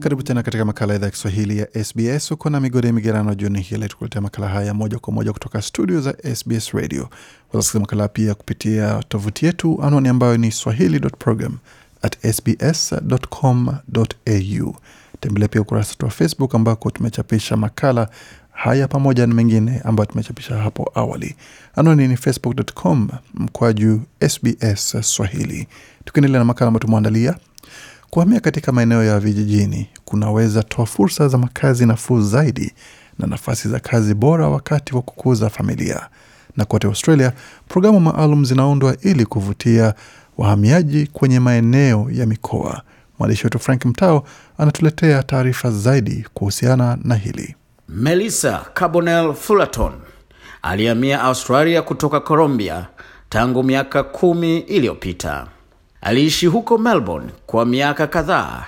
Karibu tena katika makala idhaa ya Kiswahili ya SBS. Uko na migodi ya migerano jioni hii tukuletea makala haya moja kwa moja kutoka studio za SBS Radio. Wazasikiza makala pia kupitia tovuti yetu, anwani ambayo ni swahili.program@sbs.com.au. Tembelea pia ukurasa wetu wa Facebook ambako tumechapisha makala haya pamoja na mengine ambayo tumechapisha hapo awali. Anwani ni facebook.com mkwaju SBS Swahili. Tukiendelea na makala ambayo tumeandalia Kuhamia katika maeneo ya vijijini kunaweza toa fursa za makazi nafuu zaidi na nafasi za kazi bora wakati wa kukuza familia. Na kote Australia, programu maalum zinaundwa ili kuvutia wahamiaji kwenye maeneo ya mikoa. Mwandishi wetu Frank Mtao anatuletea taarifa zaidi kuhusiana na hili. Melissa Carbonell Fullerton alihamia Australia kutoka Colombia tangu miaka kumi iliyopita. Aliishi huko Melbourne kwa miaka kadhaa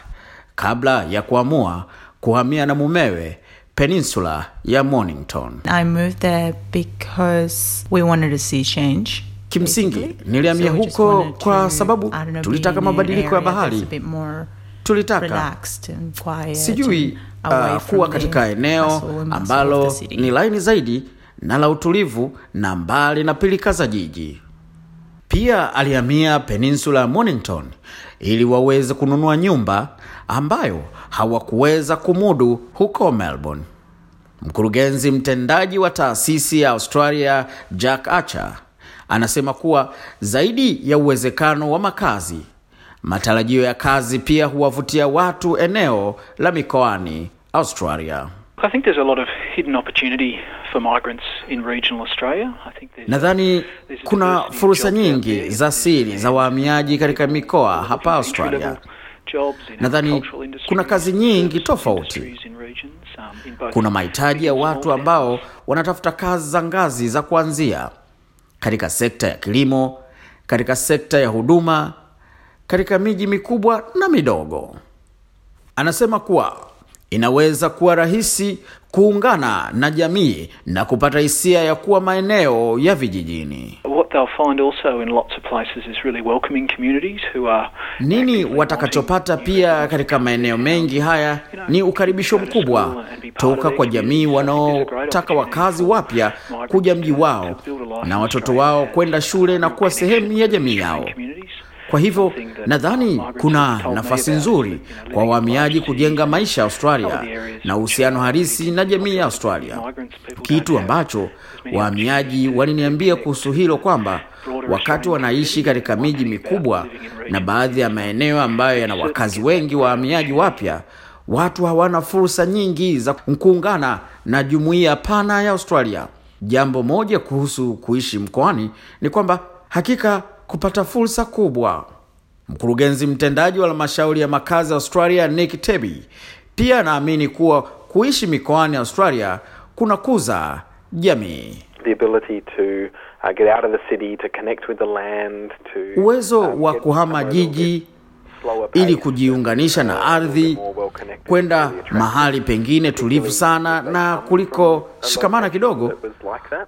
kabla ya kuamua kuhamia na mumewe peninsula ya Mornington. I moved there because we wanted to see change. Kimsingi nilihamia so huko kwa sababu know, tulitaka mabadiliko ya bahari tulitaka sijui uh, kuwa katika eneo ambalo ni laini zaidi na la utulivu na mbali na pilika za jiji. Pia alihamia peninsula ya Mornington ili waweze kununua nyumba ambayo hawakuweza kumudu huko Melbourne. Mkurugenzi mtendaji wa taasisi ya Australia Jack Archer anasema kuwa zaidi ya uwezekano wa makazi, matarajio ya kazi pia huwavutia watu eneo la mikoani Australia. Nadhani kuna fursa nyingi za siri za wahamiaji katika mikoa hapa Australia. Nadhani kuna kazi nyingi tofauti. Um, kuna mahitaji ya watu ambao wanatafuta kazi za ngazi za kuanzia katika sekta ya kilimo, katika sekta ya huduma, katika miji mikubwa na midogo. Anasema kuwa inaweza kuwa rahisi kuungana na jamii na kupata hisia ya kuwa maeneo ya vijijini. Nini watakachopata pia katika maeneo mengi haya ni ukaribisho mkubwa toka kwa jamii wanaotaka wakazi wapya kuja mji wao na watoto wao kwenda shule na kuwa sehemu ya jamii yao. Kwa hivyo Nadhani kuna nafasi nzuri kwa wahamiaji kujenga maisha ya Australia na uhusiano halisi na jamii ya Australia, kitu ambacho wahamiaji waliniambia kuhusu hilo kwamba wakati wanaishi katika miji mikubwa na baadhi ya maeneo ambayo yana wakazi wengi wahamiaji wapya, watu hawana fursa nyingi za kuungana na jumuiya pana ya Australia. Jambo moja kuhusu kuishi mkoani ni kwamba hakika kupata fursa kubwa Mkurugenzi mtendaji wa halmashauri ya makazi Australia, Nick teby pia anaamini kuwa kuishi mikoani Australia kunakuza jamii. Uwezo wa kuhama jiji ili kujiunganisha uh, na ardhi, kwenda mahali pengine tulivu sana na kuliko shikamana kidogo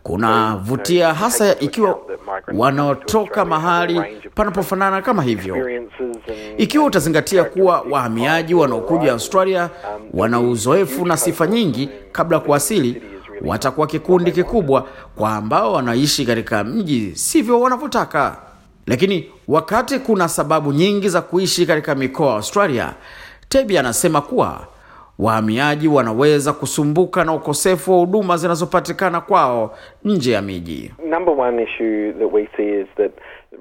kunavutia, hasa ikiwa wanaotoka mahali panapofanana kama hivyo. Ikiwa utazingatia kuwa wahamiaji wanaokuja Australia um, wana uzoefu na sifa nyingi kabla ya kuwasili, watakuwa kikundi kikubwa kwa ambao wanaishi katika mji sivyo wanavyotaka. Lakini wakati kuna sababu nyingi za kuishi katika mikoa ya Australia, Tebi anasema kuwa wahamiaji wanaweza kusumbuka na ukosefu wa huduma zinazopatikana kwao nje ya miji.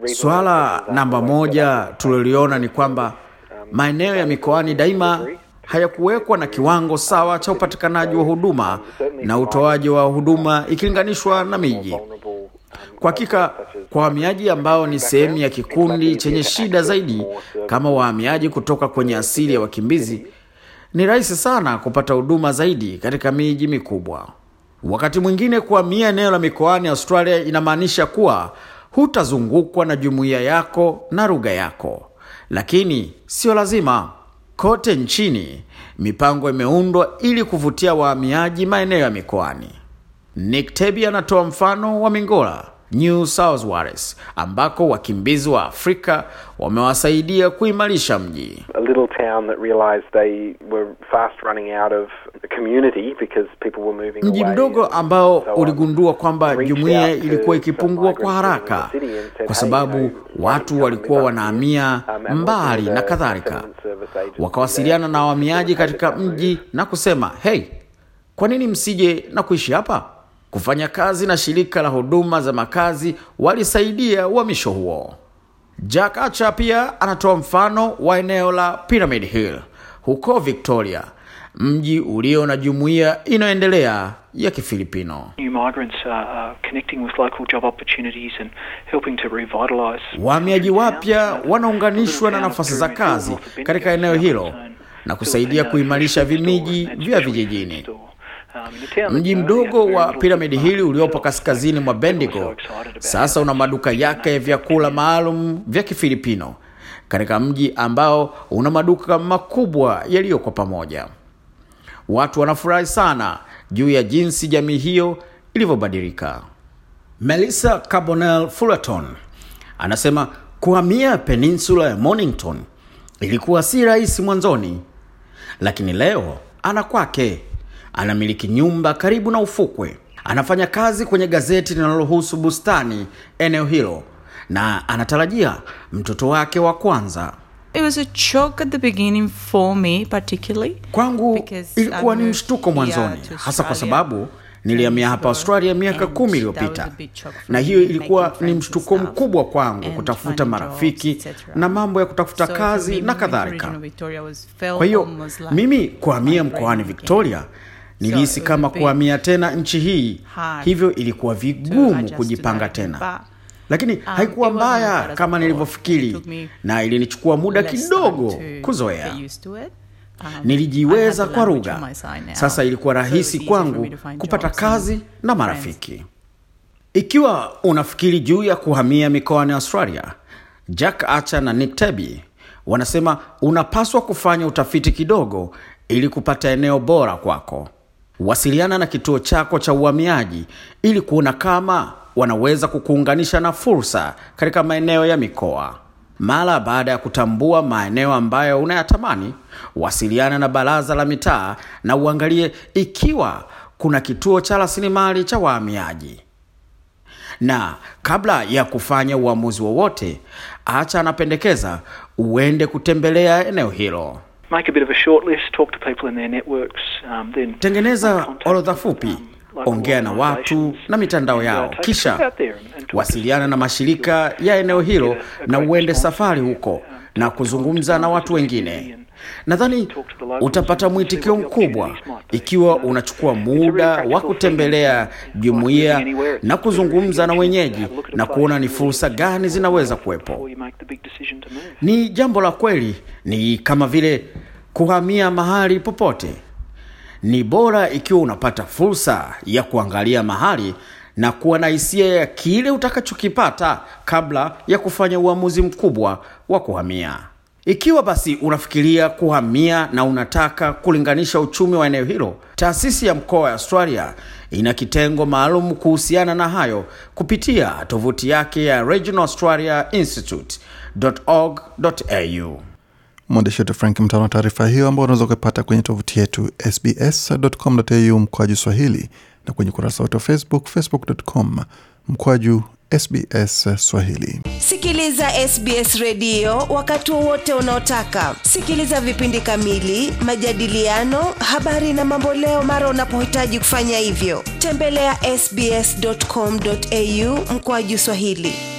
Swala namba moja tuliliona ni kwamba um, maeneo ya mikoani daima hayakuwekwa na kiwango sawa cha upatikanaji wa huduma na utoaji wa huduma ikilinganishwa na miji. Um, kwa hakika kwa wahamiaji ambao ni sehemu ya kikundi chenye shida zaidi, kama wahamiaji kutoka kwenye asili ya wakimbizi ni rahisi sana kupata huduma zaidi katika miji mikubwa. Wakati mwingine kuhamia eneo la mikoani Australia inamaanisha kuwa hutazungukwa na jumuiya yako na lugha yako, lakini sio lazima. Kote nchini mipango imeundwa ili kuvutia wahamiaji maeneo ya mikoani. Nick Tebi anatoa mfano wa Mingola New South Wales ambako wakimbizi wa Afrika wamewasaidia kuimarisha mji. A little town that realized they were fast running out of community because people were moving away. Mji mdogo ambao uligundua kwamba jumuiya ilikuwa ikipungua kwa haraka kwa sababu watu walikuwa wanahamia um, mbali na kadhalika. Wakawasiliana na wahamiaji katika mji na kusema, "Hey, kwa nini msije na kuishi hapa?" kufanya kazi na shirika la huduma za makazi walisaidia uhamisho huo. Jack acha pia anatoa mfano wa eneo la Pyramid Hill huko Victoria, mji ulio na jumuiya inayoendelea ya Kifilipino. Wahamiaji wapya wanaunganishwa na nafasi za kazi katika eneo hilo na kusaidia uh, kuimarisha vimiji vya vijijini. Mji mdogo wa Piramidi Hili uliopo kaskazini mwa Bendigo sasa una maduka yake ya vyakula maalum vya Kifilipino katika mji ambao una maduka makubwa yaliyo kwa pamoja. Watu wanafurahi sana juu ya jinsi jamii hiyo ilivyobadilika. Melissa Carbonell Fullerton anasema kuhamia peninsula ya Mornington ilikuwa si rahisi mwanzoni, lakini leo ana kwake Anamiliki nyumba karibu na ufukwe. Anafanya kazi kwenye gazeti linalohusu bustani eneo hilo na anatarajia mtoto wake wa kwanza. It was a shock at the beginning for me particularly. Kwangu ilikuwa ni mshtuko mwanzoni, hasa kwa sababu nilihamia hapa Australia miaka kumi iliyopita, na hiyo ilikuwa ni mshtuko mkubwa kwangu kutafuta marafiki na mambo ya kutafuta kazi na kadhalika. Kwa hiyo mimi kuhamia mkoani Victoria nilihisi kama kuhamia tena nchi hii, hivyo ilikuwa vigumu kujipanga tena, um, lakini um, haikuwa mbaya kama nilivyofikiri, na ilinichukua muda kidogo kuzoea. Um, nilijiweza kwa lugha. Sasa ilikuwa rahisi so kwangu kupata kazi na marafiki. Ikiwa unafikiri juu ya kuhamia mikoani Australia, Jack acha na Nick teby wanasema unapaswa kufanya utafiti kidogo ili kupata eneo bora kwako. Wasiliana na kituo chako cha uhamiaji ili kuona kama wanaweza kukuunganisha na fursa katika maeneo ya mikoa. Mara baada ya kutambua maeneo ambayo unayatamani, wasiliana na baraza la mitaa na uangalie ikiwa kuna kituo cha rasilimali cha wahamiaji. Na kabla ya kufanya uamuzi wowote, acha anapendekeza uende kutembelea eneo hilo. Make a bit of a short list, talk to people in their networks, um, then tengeneza orodha fupi, um, ongea na watu na mitandao uh, yao, kisha wasiliana na mashirika ya eneo hilo na uende safari huko na kuzungumza na watu wengine. Nadhani utapata mwitikio mkubwa ikiwa unachukua muda wa kutembelea jumuiya na kuzungumza na wenyeji na kuona ni fursa gani zinaweza kuwepo. Ni jambo la kweli, ni kama vile kuhamia mahali popote. Ni bora ikiwa unapata fursa ya kuangalia mahali na kuwa na hisia ya kile utakachokipata kabla ya kufanya uamuzi mkubwa wa kuhamia. Ikiwa basi unafikiria kuhamia na unataka kulinganisha uchumi wa eneo hilo, taasisi ya mkoa ya Australia ina kitengo maalum kuhusiana na hayo kupitia tovuti yake ya regionalaustraliainstitute.org.au. Mwandishi wetu Frank Mtano taarifa hiyo, ambao unaweza kuipata kwenye tovuti yetu sbs.com.au mkoaji Swahili na kwenye ukurasa wetu wa Facebook, facebook.com mkwaju SBS Swahili. Sikiliza SBS redio wakati wowote unaotaka. Sikiliza vipindi kamili, majadiliano, habari na mamboleo mara unapohitaji kufanya hivyo. Tembelea ya sbs.com.au mkoaju Swahili.